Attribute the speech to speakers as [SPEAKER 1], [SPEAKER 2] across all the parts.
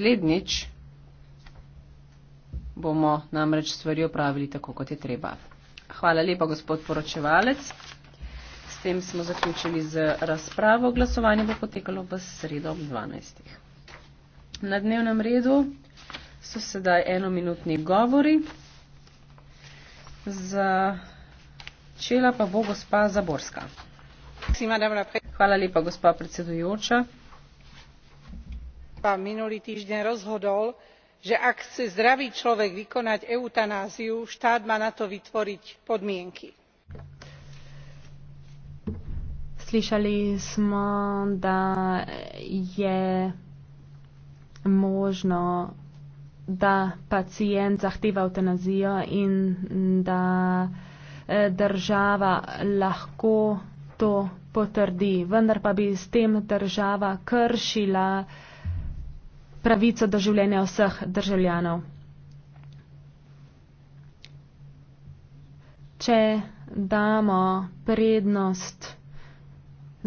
[SPEAKER 1] naslednjič bomo namreč stvari opravili tako, kot je treba. Hvala lepa, gospod poročevalec. S tem smo zaključili z razpravo. Glasovanje bo potekalo v sredo ob 12. Na dnevnem redu so sedaj enominutni govori. Začela pa bo gospa Zaborska. Hvala lepa, gospa predsedujoča európa minulý týždeň rozhodol že ak chce zdravý človek vykonať eutanáziu štát má na to vytvoriť podmienky.
[SPEAKER 2] Slyšali sme, da je možno, da pacient zahteva eutanazijo in da e, država lahko to potrdi. Vendar pa bi s tem država kršila uh, pravico do življenja vseh državljanov. Če damo prednost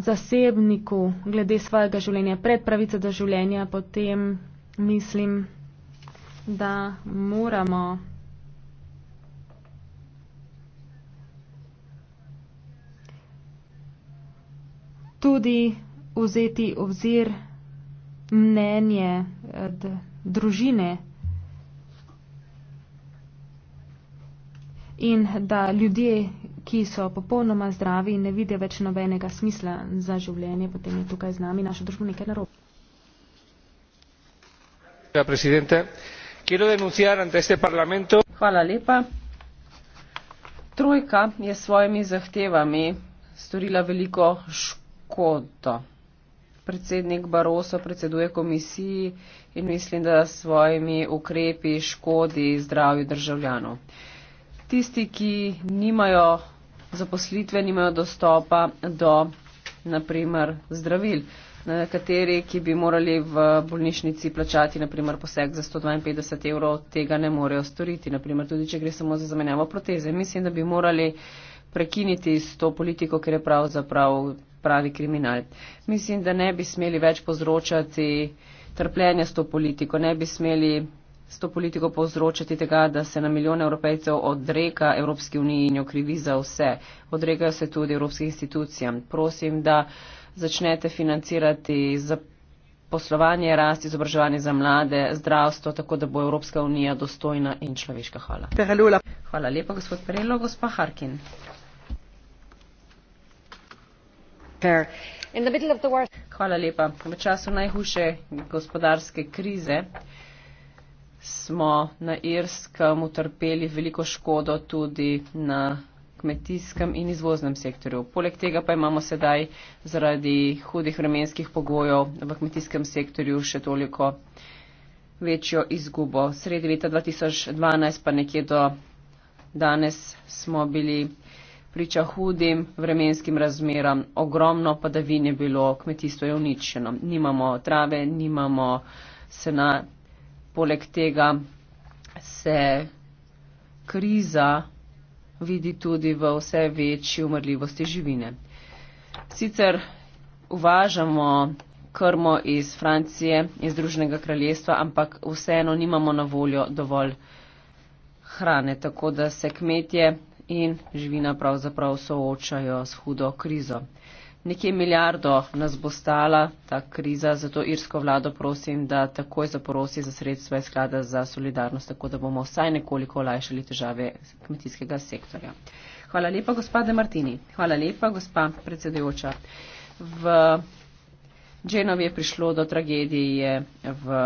[SPEAKER 2] zasebniku glede svojega življenja pred pravico do življenja, potem mislim, da moramo tudi vzeti obzir, mnenje eh, družine in da ljudje, ki so popolnoma zdravi in ne vidijo več nobenega smisla za življenje, potem je tukaj z nami naša družba nekaj narobe.
[SPEAKER 3] Hvala lepa.
[SPEAKER 1] Trojka je s svojimi zahtevami storila veliko škodo predsednik Baroso predseduje komisiji in mislim, da s svojimi ukrepi škodi zdravju državljanov. Tisti, ki nimajo zaposlitve, nimajo dostopa do naprimer zdravil, na kateri, ki bi morali v bolnišnici plačati naprimer poseg za 152 evrov, tega ne morejo storiti, naprimer tudi, če gre samo za zamenjavo proteze. Mislim, da bi morali prekiniti s to politiko, ker je pravzaprav. Prav pravi kriminal. Mislim, da ne bi smeli več povzročati trpljenja s to politiko, ne bi smeli s to politiko povzročati tega, da se na milijone evropejcev odreka Evropski uniji in jo krivi za vse. Odrekajo se tudi evropskih institucijam. Prosim, da začnete financirati za poslovanje, rast, izobraževanje za mlade, zdravstvo, tako da bo Evropska unija dostojna in človeška. Hvala. Hvala lepa, gospod Prelo, gospa Harkin. Hvala lepa. V času najhujše gospodarske krize smo na Irskem utrpeli veliko škodo tudi na kmetijskem in izvoznem sektorju. Poleg tega pa imamo sedaj zaradi hudih vremenskih pogojev v kmetijskem sektorju še toliko večjo izgubo. Sredi leta 2012 pa nekje do danes smo bili priča hudim vremenskim razmeram, ogromno padavin je bilo, kmetijstvo je uničeno, nimamo trave, nimamo sena, poleg tega se kriza vidi tudi v vse večji umrljivosti živine. Sicer uvažamo krmo iz Francije, iz Združenega kraljestva, ampak vseeno nimamo na voljo dovolj hrane, tako da se kmetje in živina pravzaprav soočajo s hudo krizo. Nekje milijardo nas bo stala ta kriza, zato irsko vlado prosim, da takoj zaprosi za sredstva iz sklada za solidarnost, tako da bomo vsaj nekoliko olajšali težave kmetijskega sektorja. Hvala lepa, gospa De Martini. Hvala lepa, gospa predsedujoča. V Dženovi je prišlo do tragedije v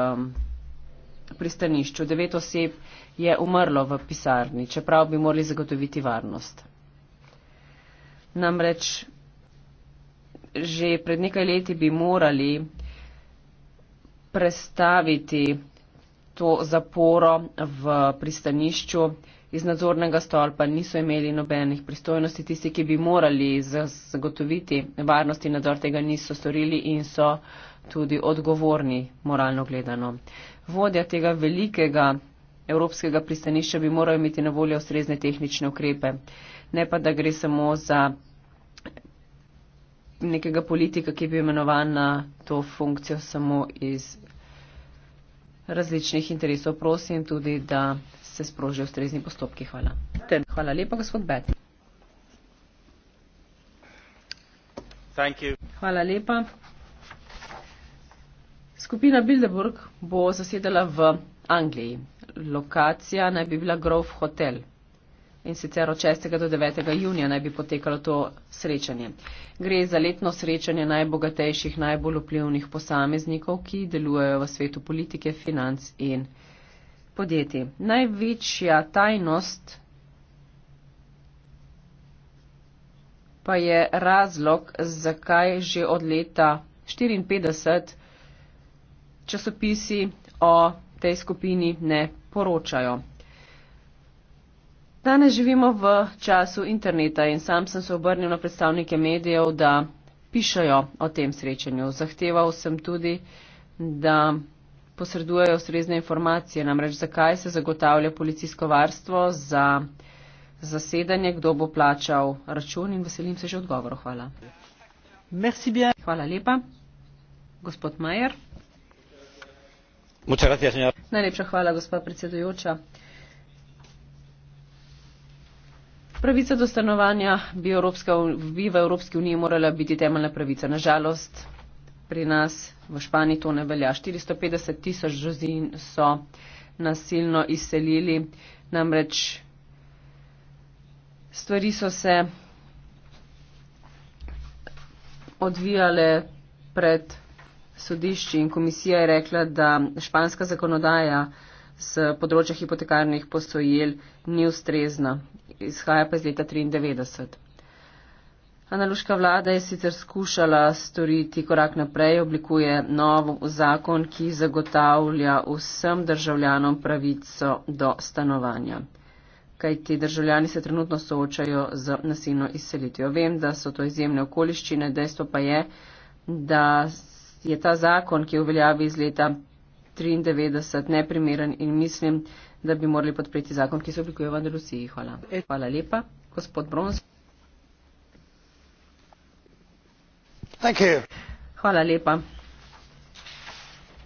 [SPEAKER 1] pristanišču. Devet oseb je umrlo v pisarni, čeprav bi morali zagotoviti varnost. Namreč že pred nekaj leti bi morali prestaviti to zaporo v pristanišču. Iz nadzornega stolpa niso imeli nobenih pristojnosti. Tisti, ki bi morali zagotoviti varnosti nadzor, tega niso storili in so tudi odgovorni, moralno gledano vodja tega velikega evropskega pristanišča bi moral imeti na voljo ustrezne tehnične ukrepe, ne pa da gre samo za nekega politika, ki bi imenovan na to funkcijo samo iz različnih interesov. Prosim tudi, da se sprožijo ustrezni postopki. Hvala. Hvala lepa, gospod Beti. Hvala lepa. Skupina Bilderburg bo zasedala v Angliji. Lokacija naj bi bila Grove Hotel in sicer od 6. do 9. junija naj bi potekalo to srečanje. Gre za letno srečanje najbogatejših, najbolj vplivnih posameznikov, ki delujejo v svetu politike, financ in podjetij. Največja tajnost pa je razlog, zakaj že od leta 1954 časopisi o tej skupini ne poročajo. Danes živimo v času interneta in sam sem se obrnil na predstavnike medijev, da pišajo o tem srečanju. Zahteval sem tudi, da posredujejo ustrezne informacije, namreč zakaj se zagotavlja policijsko varstvo za zasedanje, kdo bo plačal račun in veselim se že odgovoru. Hvala. Hvala lepa. Gospod Majer najlepša hvala gospa predsedujoča pravica do stanovanja bi, evropska, bi v evropski uniji morala biti temeljna pravica na žalost pri nas v španiji to ne velja 450 tisoč družin so nasilno izselili namreč stvari so se odvijale pred sodišči in komisija je rekla, da španska zakonodaja z področja hipotekarnih posojil ni ustrezna, izhaja pa iz leta 1993. Analoška vlada je sicer skušala storiti korak naprej, oblikuje nov zakon, ki zagotavlja vsem državljanom pravico do stanovanja. Kaj ti državljani se trenutno soočajo z nasilno izselitvijo? Vem, da so to izjemne okoliščine, dejstvo pa je, da je ta zakon, ki je uveljavi iz leta 1993, neprimeren in mislim, da bi morali podpreti zakon, ki se oblikuje v Andalusiji. Hvala. Hvala lepa, gospod Brons. Hvala lepa.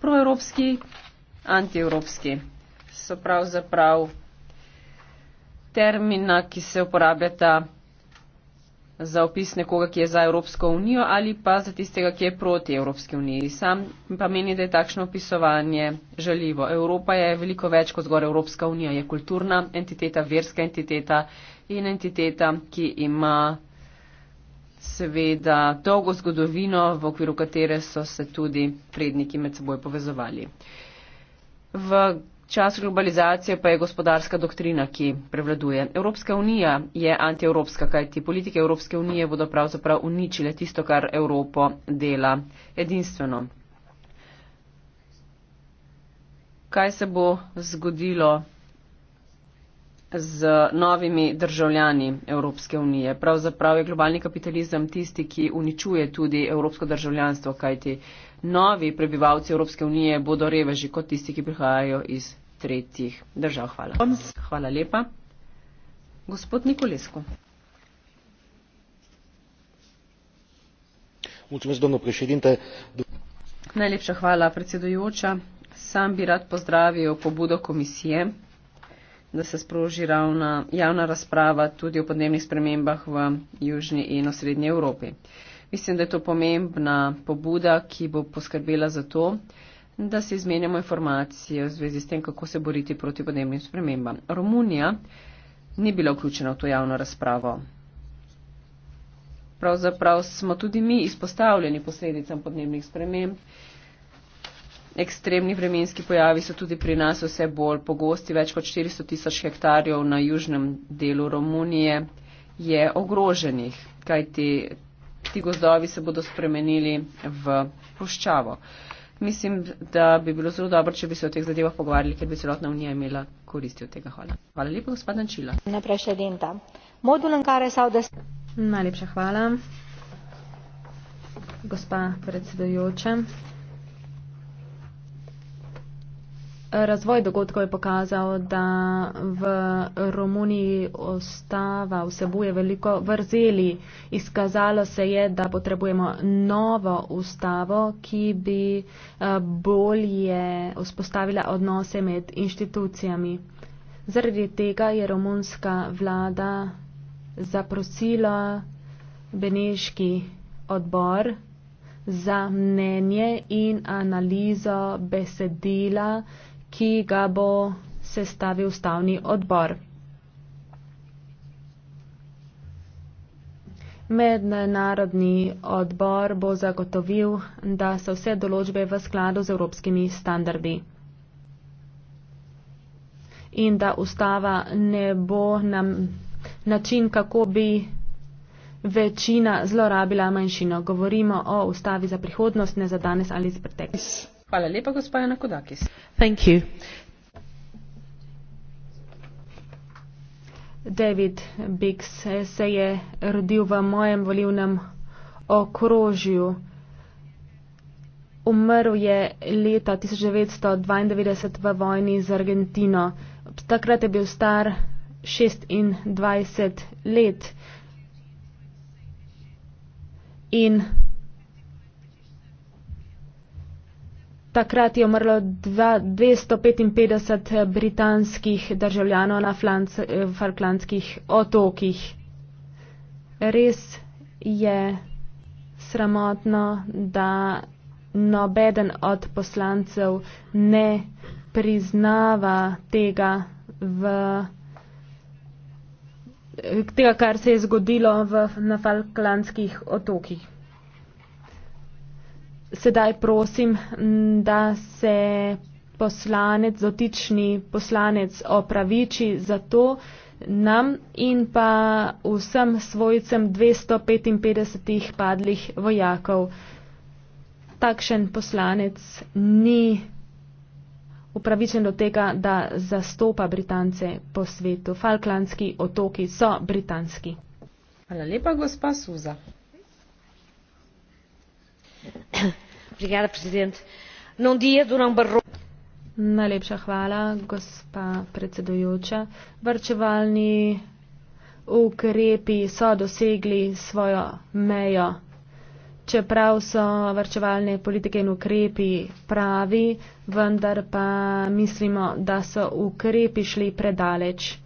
[SPEAKER 1] Proevropski, antievropski so pravzaprav termina, ki se uporabljata za opis nekoga, ki je za Evropsko unijo ali pa za tistega, ki je proti Evropski uniji. Sam pa meni, da je takšno opisovanje žaljivo. Evropa je veliko več kot zgor Evropska unija. Je kulturna entiteta, verska entiteta in entiteta, ki ima seveda dolgo zgodovino, v okviru katere so se tudi predniki med seboj povezovali. V Čas globalizacije pa je gospodarska doktrina, ki prevladuje. Evropska unija je antievropska, kajti politike Evropske unije bodo pravzaprav uničile tisto, kar Evropo dela edinstveno. Kaj se bo zgodilo z novimi državljani Evropske unije? Pravzaprav je globalni kapitalizem tisti, ki uničuje tudi evropsko državljanstvo, kajti novi prebivalci Evropske unije bodo reveži kot tisti, ki prihajajo iz tretjih držav. Hvala. Hvala lepa. Gospod Nikolesko. Najlepša hvala, predsedujoča. Sam bi rad pozdravil pobudo komisije, da se sproži ravna javna razprava tudi o podnebnih spremembah v Južni in Osrednji Evropi. Mislim, da je to pomembna pobuda, ki bo poskrbela za to, da si izmenjamo informacije v zvezi s tem, kako se boriti proti podnebnim spremembam. Romunija ni bila vključena v to javno razpravo. Pravzaprav smo tudi mi izpostavljeni posledicam podnebnih sprememb. Ekstremni vremenski pojavi so tudi pri nas vse bolj pogosti. Več kot 400 tisoč hektarjev na južnem delu Romunije je ogroženih, kajti ti gozdovi se bodo spremenili v puščavo. Uh, mislim, da bi bilo zelo dobro, če bi se o teh zadevah pogovarjali, ker bi celotna unija imela koristi od tega. Hvala. Hvala lepa, gospod Ančila.
[SPEAKER 2] Najlepša hvala, gospa predsedujoča. Razvoj dogodkov je pokazal, da v Romuniji ostava vsebuje veliko vrzeli. Izkazalo se je, da potrebujemo novo ustavo, ki bi eh, bolje vzpostavila odnose med inštitucijami. Zaradi tega je romunska vlada zaprosila Beneški odbor za mnenje in analizo besedila, ki ga bo sestavil ustavni odbor. Mednarodni odbor bo zagotovil, da so vse določbe v skladu z evropskimi standardi in da ustava ne bo nam način, kako bi večina zlorabila manjšino. Govorimo o ustavi za prihodnost, ne za danes ali za preteklost. Hvala lepa, gospa Jana Kodakis. Thank you. David Bix se je rodil v mojem volivnem okrožju. Umrl je leta 1992 v vojni z Argentino. Takrat je bil star 26 let. In Takrat je umrlo 255 eh, britanskih državljanov na eh, Falklandskih otokih. Res je sramotno, da nobeden od poslancev ne priznava tega, v, eh, tega kar se je zgodilo v, na Falklandskih otokih sedaj prosim, da se poslanec, dotični poslanec opraviči za to nam in pa vsem svojcem 255 padlih vojakov. Takšen poslanec ni upravičen do tega, da zastopa Britance po svetu. Falklandski otoki so britanski.
[SPEAKER 1] Hvala lepa, gospa Suza.
[SPEAKER 2] gospa predsedujoča varčevalni ukrepi so dosegli svojo mejo. Čeprav so varčevalne politike in ukrepi pravi, vendar pa mislimo, da so ukrepi šli predaleč.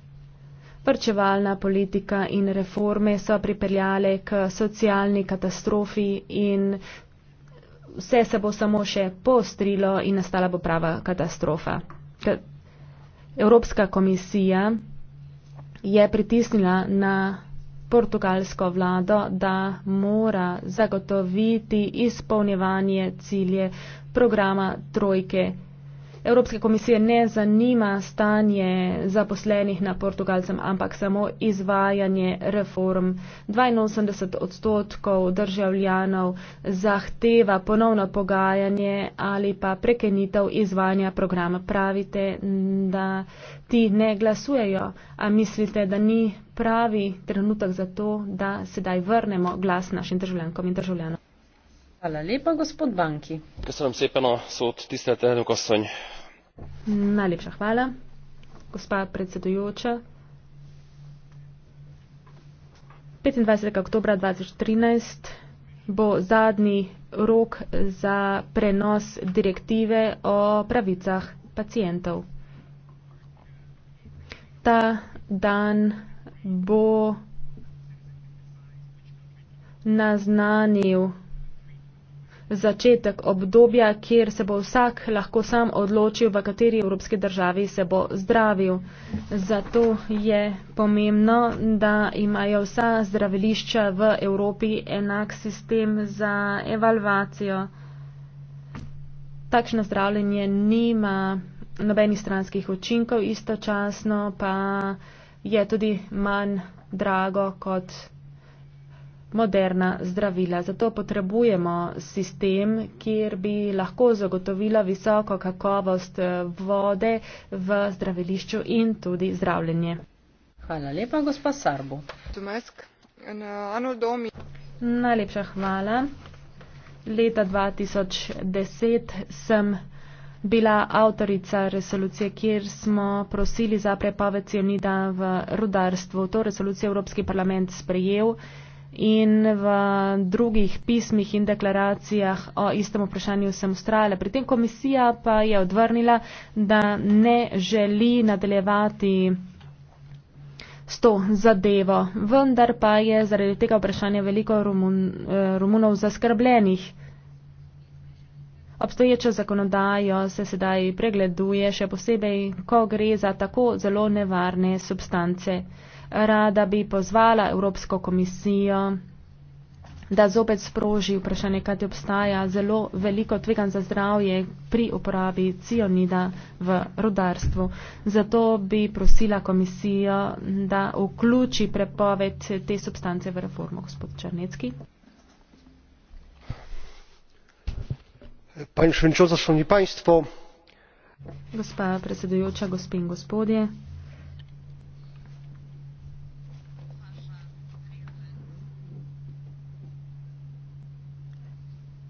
[SPEAKER 2] Varčevalna politika in reforme so pripeljale k socialni katastrofi in vse se bo samo še poostrilo in nastala bo prava katastrofa. Evropska komisija je pritisnila na portugalsko vlado, da mora zagotoviti izpolnjevanje cilje programa trojke Evropske komisije ne zanima stanje zaposlenih na Portugalcem, ampak samo izvajanje reform. 82 odstotkov državljanov zahteva ponovno pogajanje ali pa prekenitev izvajanja programa. Pravite, da ti ne glasujejo, a mislite, da ni pravi trenutek za to, da sedaj vrnemo glas našim državljankom in državljanom. Hvala lepa, gospod Banki. Najlepša hvala. Gospa predsedujoča, 25. oktober 2013 bo zadnji rok za prenos direktive o pravicah pacijentov. Ta dan bo naznanil začetek obdobja, kjer se bo vsak lahko sam odločil, v kateri evropski državi se bo zdravil. Zato je pomembno, da imajo vsa zdravilišča v Evropi enak sistem za evalvacijo. Takšno zdravljenje nima nobenih stranskih učinkov, istočasno pa je tudi manj drago kot moderna zdravila. Zato potrebujemo sistem, kjer bi lahko zagotovila visoko kakovost eh, vode v zdravilišču in tudi zdravljenje. Hvala lepa, gospa Sarbo. Eh, Najlepša hvala. Leta 2010 sem bila avtorica resolucije, kjer smo prosili za prepoved cionida v rudarstvu. To resolucijo Evropski parlament sprejel in v drugih pismih in deklaracijah o istem vprašanju sem ustrajala. Pri tem komisija pa je odvrnila, da ne želi nadaljevati s to zadevo. Vendar pa je zaradi tega vprašanja veliko Romun, eh, Romunov zaskrbljenih. Obstoječo zakonodajo se sedaj pregleduje, še posebej, ko gre za tako zelo nevarne substance rada bi pozvala Evropsko komisijo, da zopet sproži vprašanje, kaj ti obstaja zelo veliko tvegan za zdravje pri uporabi cionida v rodarstvu. Zato bi prosila komisijo, da vključi prepoved te substance v reformo, gospod Črnecki. Pani Švenčoza, šlani państvo. Gospa predsedujoča, gospe in gospodje.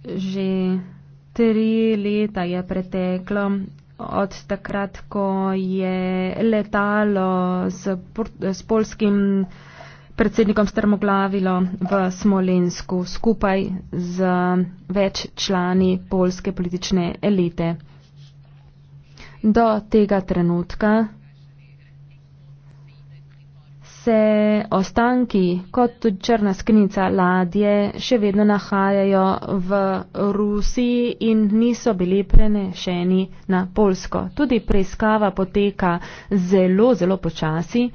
[SPEAKER 2] že tri leta je preteklo od takrat, ko je letalo s, s polskim predsednikom strmoglavilo v Smolensku skupaj z več člani polske politične elite. Do tega trenutka se ostanki kot tudi črna skrinica ladje še vedno nahajajo v Rusiji in niso bili prenešeni na Polsko. Tudi preiskava poteka zelo, zelo počasi,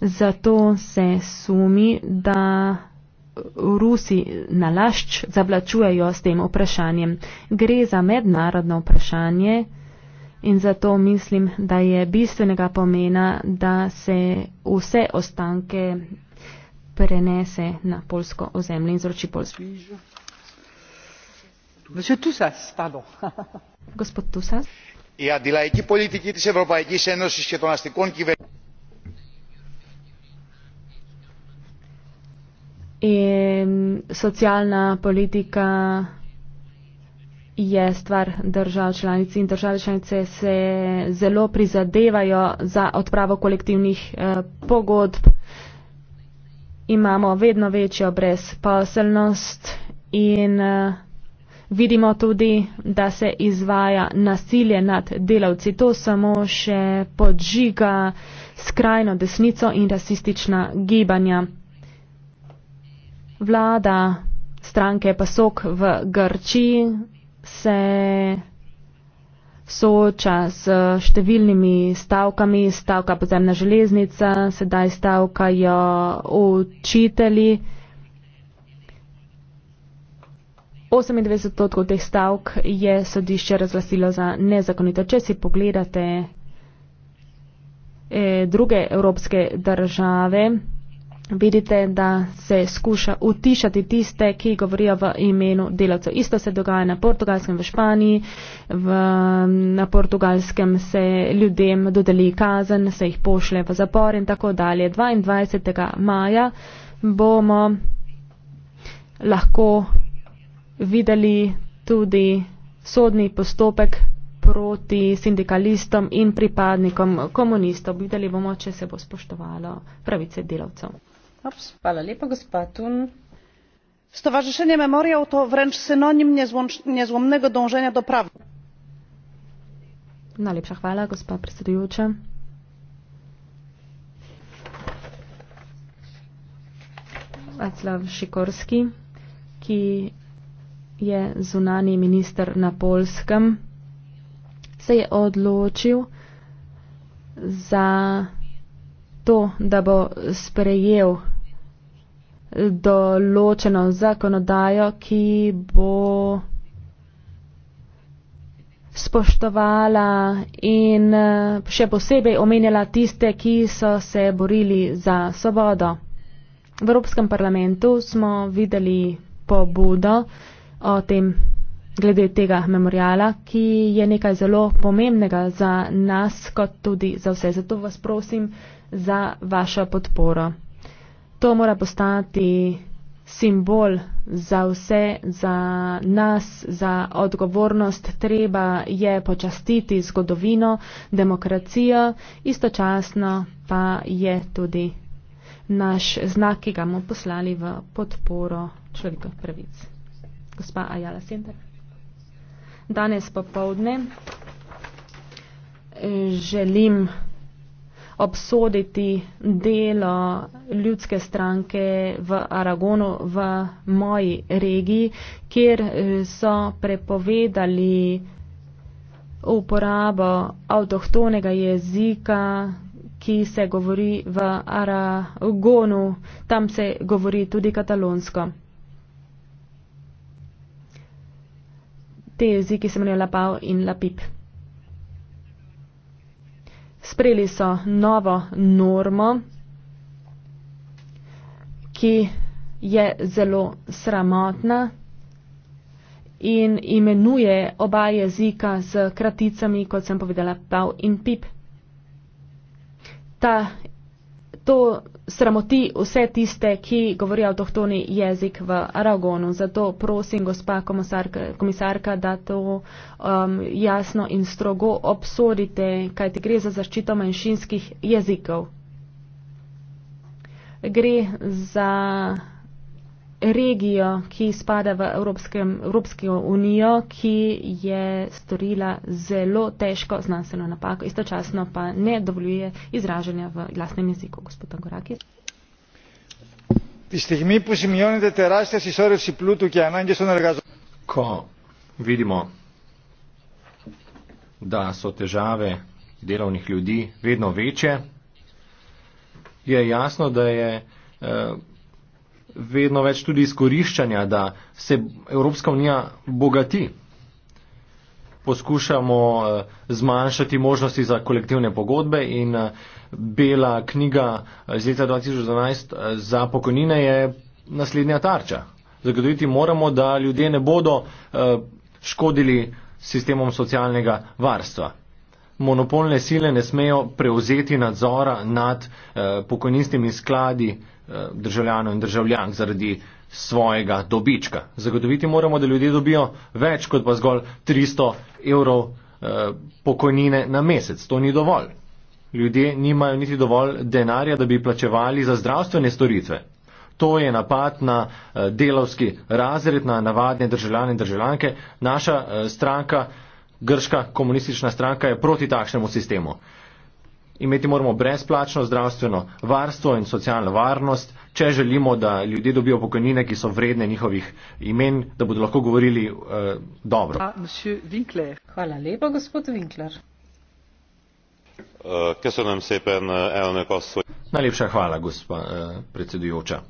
[SPEAKER 2] zato se sumi, da Rusi nalašč zavlačujejo s tem vprašanjem. Gre za mednarodno vprašanje. In zato mislim, da je bistvenega pomena, da se vse ostanke prenese na polsko ozemlje in zroči polsko.
[SPEAKER 1] Gospod Tusas.
[SPEAKER 4] Η αντιλαϊκή πολιτική της Ευρωπαϊκής Ένωσης και των αστικών κυβερνήσεων.
[SPEAKER 2] Η σοσιαλνα πολιτικά je stvar držav članic in države članice se zelo prizadevajo za odpravo kolektivnih eh, pogodb. Imamo vedno večjo brezposelnost in eh, vidimo tudi, da se izvaja nasilje nad delavci. To samo še podžiga skrajno desnico in rasistična gibanja. Vlada stranke Pasok v Grčiji se sooča s številnimi stavkami, stavka podzemna železnica, sedaj stavkajo učitelji. 28 odstotkov teh stavk je sodišče razglasilo za nezakonito. Če si pogledate eh, druge evropske države, vidite, da se skuša utišati tiste, ki govorijo v imenu delavcev. Isto se dogaja na portugalskem v Španiji, v, na portugalskem se ljudem dodeli kazen, se jih pošle v zapor in tako dalje. 22. maja bomo lahko videli tudi sodni postopek proti sindikalistom in pripadnikom komunistov. Videli bomo, če se bo spoštovalo pravice delavcev
[SPEAKER 1] stowarzyszenie memoriał to wręcz synonim
[SPEAKER 4] niezłomnego dążenia do prawdy
[SPEAKER 2] Václav Sikorski, ki je zunani minister na Polskem, se je odločil za to, da bo sprejel določeno zakonodajo, ki bo spoštovala in eh, še posebej omenjala tiste, ki so se borili za svobodo. V Evropskem parlamentu smo videli pobudo o tem glede tega memoriala, ki je nekaj zelo pomembnega za nas, kot tudi za vse. Zato vas prosim, za vašo podporo. To mora postati simbol za vse, za nas, za odgovornost. Treba je počastiti zgodovino, demokracijo, istočasno pa je tudi naš znak, ki ga bomo poslali v podporo človekov pravic. Gospa Ajala Sinter. Danes popovdne eh, želim obsoditi delo ljudske stranke v Aragonu, v moji regiji, kjer eh, so prepovedali uporabo avtohtonega jezika, ki se govori v Aragonu, tam se govori tudi katalonsko. Te jeziki se imenujejo lapav in lapip sprejeli so novo normo, ki je zelo sramotna in imenuje oba jezika z kraticami, kot sem povedala, pav in pip. Ta to sramoti vse tiste, ki govorijo avtohtoni jezik v Aragonu. Zato prosim, gospa komisarka, da to um, jasno in strogo obsodite, kajti gre za zaščito manjšinskih jezikov. Gre za regijo, ki spada v Evropskem, Evropsko unijo, ki je storila zelo težko znanstveno napako, istočasno pa ne dovoljuje izražanja v glasnem jeziku, gospod Angoraki.
[SPEAKER 3] Ko vidimo, da so težave delovnih ljudi vedno večje, je jasno, da je eh, vedno več tudi izkoriščanja, da se Evropska unija bogati. Poskušamo eh, zmanjšati možnosti za kolektivne pogodbe in eh, bela knjiga eh, iz leta 2012 za pokojnine je naslednja tarča. Zagotoviti moramo, da ljudje ne bodo škodili sistemom socialnega varstva monopolne sile ne smejo prevzeti nadzora nad eh, pokojninskimi skladi eh, državljanov in državljank zaradi svojega dobička. Zagotoviti moramo, da ljudje dobijo več kot pa zgolj 300 evrov eh, pokojnine na mesec. To ni dovolj. Ljudje nimajo niti dovolj denarja, da bi plačevali za zdravstvene storitve. To je napad na eh, delovski razred, na navadne državljane in državljanke. Naša eh, stranka Grška komunistična stranka je proti takšnemu sistemu. Imeti moramo brezplačno zdravstveno varstvo in socialno varnost, če želimo, da ljudje dobijo pokojnine, ki so vredne njihovih imen, da bodo lahko govorili eh, dobro.
[SPEAKER 1] Hvala lepa, gospod Winkler.
[SPEAKER 3] Eh, eh, Najlepša hvala, gospa eh, predsedujoča.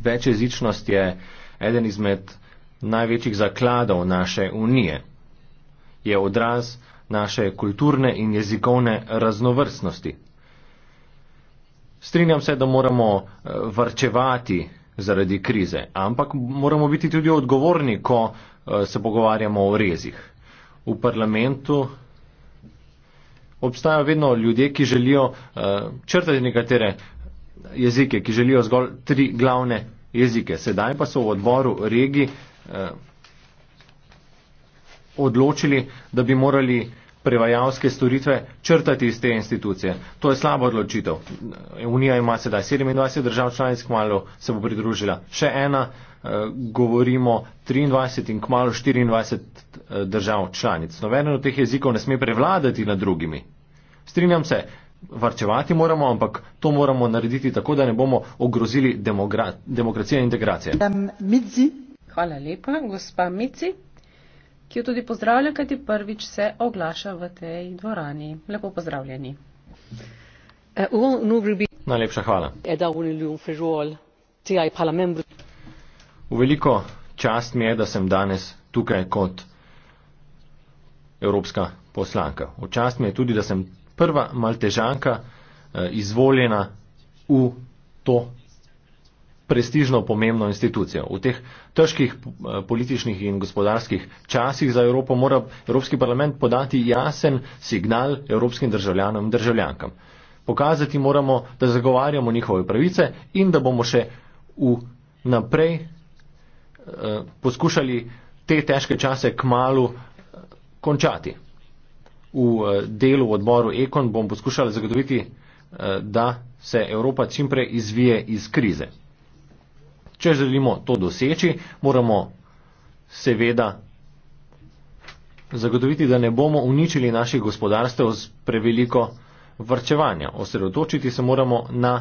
[SPEAKER 3] Večjezičnost je eden izmed največjih zakladov naše unije, je odraz naše kulturne in jezikovne raznovrstnosti. Strinjam se, da moramo eh, varčevati zaradi krize, ampak moramo biti tudi odgovorni, ko eh, se pogovarjamo o rezih. V parlamentu obstajajo vedno ljudje, ki želijo eh, črtati nekatere jezike, ki želijo zgolj tri glavne jezike. Sedaj pa so v odboru regij Eh, odločili, da bi morali prevajalske storitve črtati iz te institucije. To je slaba odločitev. Unija ima sedaj 27 držav članic, kmalo se bo pridružila še ena, eh, govorimo 23 in kmalo 24 eh, držav članic. Noveden od teh jezikov ne sme prevladati nad drugimi. Strinjam se, varčevati moramo, ampak to moramo narediti tako, da ne bomo ogrozili demokra demokracije in integracije.
[SPEAKER 1] Hvala lepa, gospa Mici, ki jo tudi pozdravlja, kajti prvič se oglaša v tej dvorani. Lepo pozdravljeni. Eh,
[SPEAKER 3] Najlepša hvala. V veliko čast mi je, da sem danes tukaj kot evropska poslanka. V čast mi je tudi, da sem prva maltežanka eh, izvoljena v to prestižno pomembno institucijo. V teh težkih eh, političnih in gospodarskih časih za Evropo mora Evropski parlament podati jasen signal evropskim državljanom in državljankam. Pokazati moramo, da zagovarjamo njihove pravice in da bomo še naprej eh, poskušali te težke čase k malu eh, končati. V delu v odboru Ekon bom poskušala zagotoviti, da se Evropa čimprej izvije iz krize. Če želimo to doseči, moramo seveda zagotoviti, da ne bomo uničili naših gospodarstev z preveliko vrčevanja. Osredotočiti se moramo na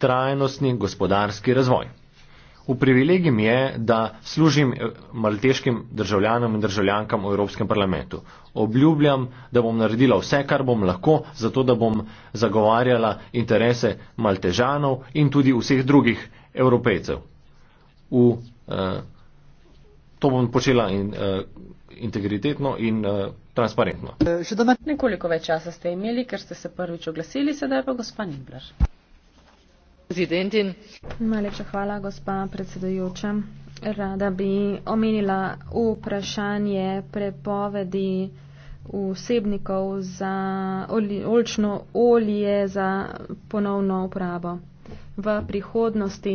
[SPEAKER 3] trajnostni gospodarski razvoj. V privilegijem je, da služim eh, malteškim državljanom in državljankam v Evropskem parlamentu. Obljubljam, da bom naredila vse, kar bom lahko, zato da bom zagovarjala interese maltežanov in tudi vseh drugih evropejcev. V, eh, to bom počela in, eh, integritetno in eh, transparentno.
[SPEAKER 1] Še domet nekoliko več časa ste imeli, ker ste se prvič oglasili, sedaj pa gospa Nibler.
[SPEAKER 2] Najlepša hvala, gospa predsedujoča. Rada bi omenila vprašanje prepovedi vsebnikov za oljčno olje za ponovno uporabo v prihodnosti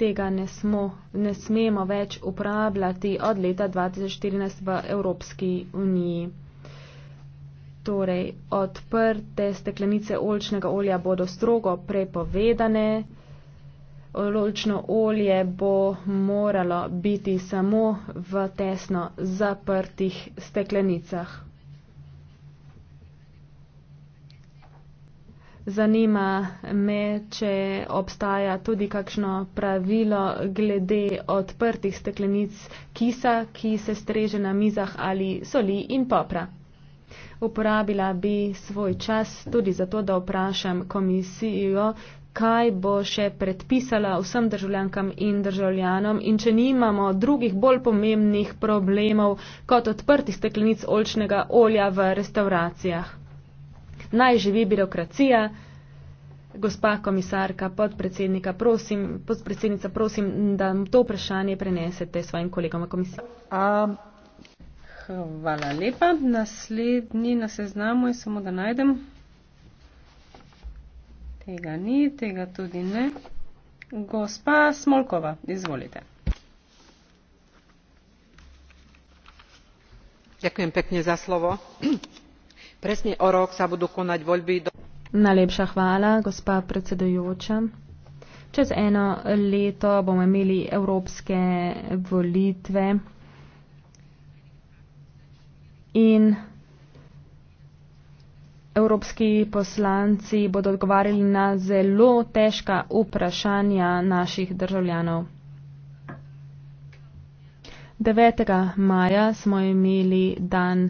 [SPEAKER 2] tega ne, smo, ne smemo več uporabljati od leta 2014 v Evropski uniji. Torej, odprte steklenice olčnega olja bodo strogo prepovedane. Olčno olje bo moralo biti samo v tesno zaprtih steklenicah. Zanima me, če obstaja tudi kakšno pravilo glede odprtih steklenic kisa, ki se streže na mizah ali soli in popra. Uporabila bi svoj čas tudi zato, da vprašam komisijo, kaj bo še predpisala vsem državljankam in državljanom in če nimamo drugih bolj pomembnih problemov kot odprtih steklenic olčnega olja v restauracijah naj živi birokracija. Gospa komisarka, podpredsednika, prosim, podpredsednica, prosim, da to vprašanje prenesete
[SPEAKER 1] svojim kolegom v komisiji. Hvala lepa. Naslednji na seznamu je samo, da najdem. Tega ni, tega tudi ne. Gospa Smolkova, izvolite. Ďakujem pekne za slovo. Presne o rok sa budú konať voľby do...
[SPEAKER 2] Najlepšia chvála, gospa predsedujúča. Čez eno leto bomo imeli evropske volitve in evropski poslanci bodo odgovarjali na zelo težka vprašanja naših državljanov. 9. maja smo imeli dan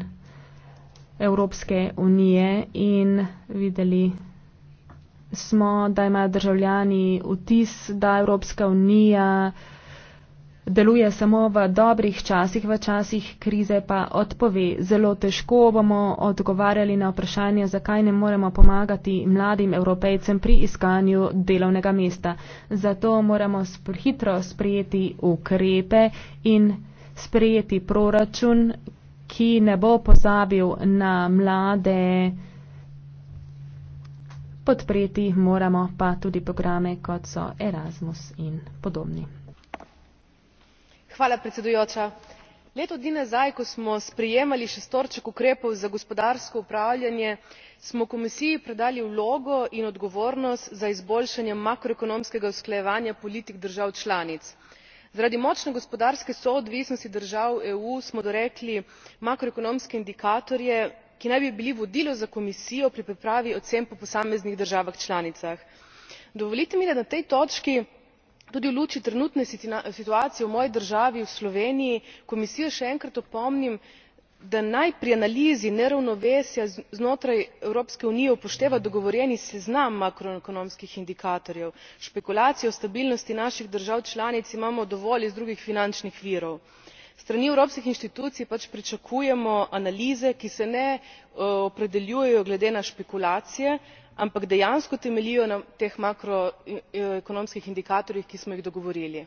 [SPEAKER 2] Evropske unije in videli smo, da imajo državljani vtis, da Evropska unija deluje samo v dobrih časih, v časih krize pa odpove. Zelo težko bomo odgovarjali na vprašanje, zakaj ne moremo pomagati mladim evropejcem pri iskanju delovnega mesta. Zato moramo hitro sprejeti ukrepe in sprejeti proračun, ki ne bo pozabil na mlade. Podpreti moramo pa tudi programe, kot so Erasmus in podobni.
[SPEAKER 4] Hvala, predsedujoča. Leto dni nazaj, ko smo sprijemali šestorček ukrepov za gospodarsko upravljanje, smo komisiji predali vlogo in odgovornost za izboljšanje makroekonomskega usklajevanja politik držav članic zaradi močne gospodarske soodvisnosti držav eu smo dorekli makroekonomske indikatorje ki naj bi bili vodilo za komisijo pri pripravi ocen po posameznih državah članicah. dovolite mi da na tej točki tudi v luči trenutne situacije v moji državi v sloveniji komisijo še enkrat opomnim da naj pri analizi neravnovesja znotraj evropske unije upošteva dogovorjeni seznam makroekonomskih indikatorjev špekulacije o stabilnosti naših držav članic imamo dovolj iz drugih finančnih virov. s strani evropskih inštitucij pač pričakujemo analize ki se ne eh, opredeljujejo glede na špekulacije ampak dejansko temeljijo na teh makroekonomskih indikatorjih ki smo jih dogovorili.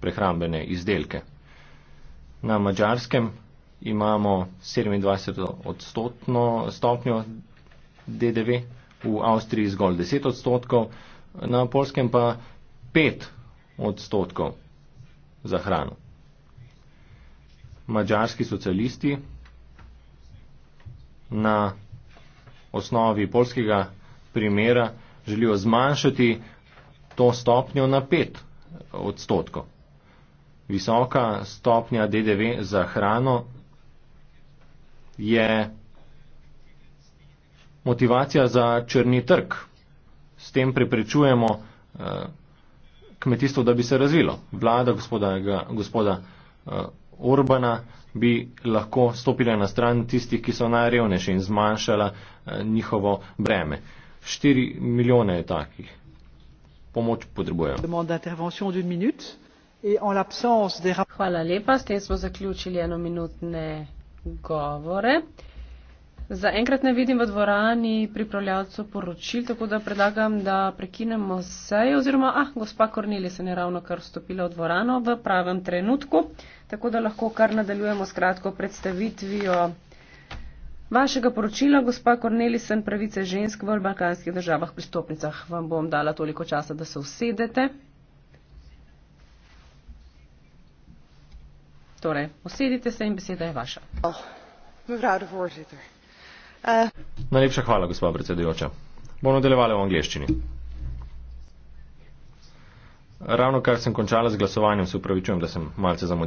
[SPEAKER 3] prehrambene izdelke. Na mačarskem imamo 27-odstotno stopnjo DDV, v Avstriji zgolj 10 odstotkov, na polskem pa 5 odstotkov za hrano. Mačarski socialisti na osnovi polskega primera želijo zmanjšati to stopnjo na 5 odstotkov odstotkov. Visoka stopnja DDV za hrano je motivacija za črni trg. S tem preprečujemo eh, kmetijstvo, da bi se razvilo. Vlada gospoda, gospoda eh, Orbana bi lahko stopila na stran tistih, ki so najrevnejši in zmanjšala eh, njihovo breme. 4 milijone je takih pomoč potrebujejo.
[SPEAKER 1] Hvala lepa. S tem smo zaključili enominutne govore. Za enkrat ne vidim v dvorani pripravljalcev poročil, tako da predlagam, da prekinemo sejo oziroma, ah, gospa Kornili se je ravno kar vstopila v dvorano v pravem trenutku, tako da lahko kar nadaljujemo s kratko predstavitvijo vašega poročila, gospa Kornelisen, pravice žensk v balkanskih državah pristopnicah. Vam bom dala toliko časa, da se usedete. Torej, usedite se in beseda je vaša. Oh,
[SPEAKER 3] Najlepša hvala, gospa predsedujoča. Bomo nadaljevali v angliščini. Ravno kar sem končala z glasovanjem, se upravičujem, da sem malce zamudila.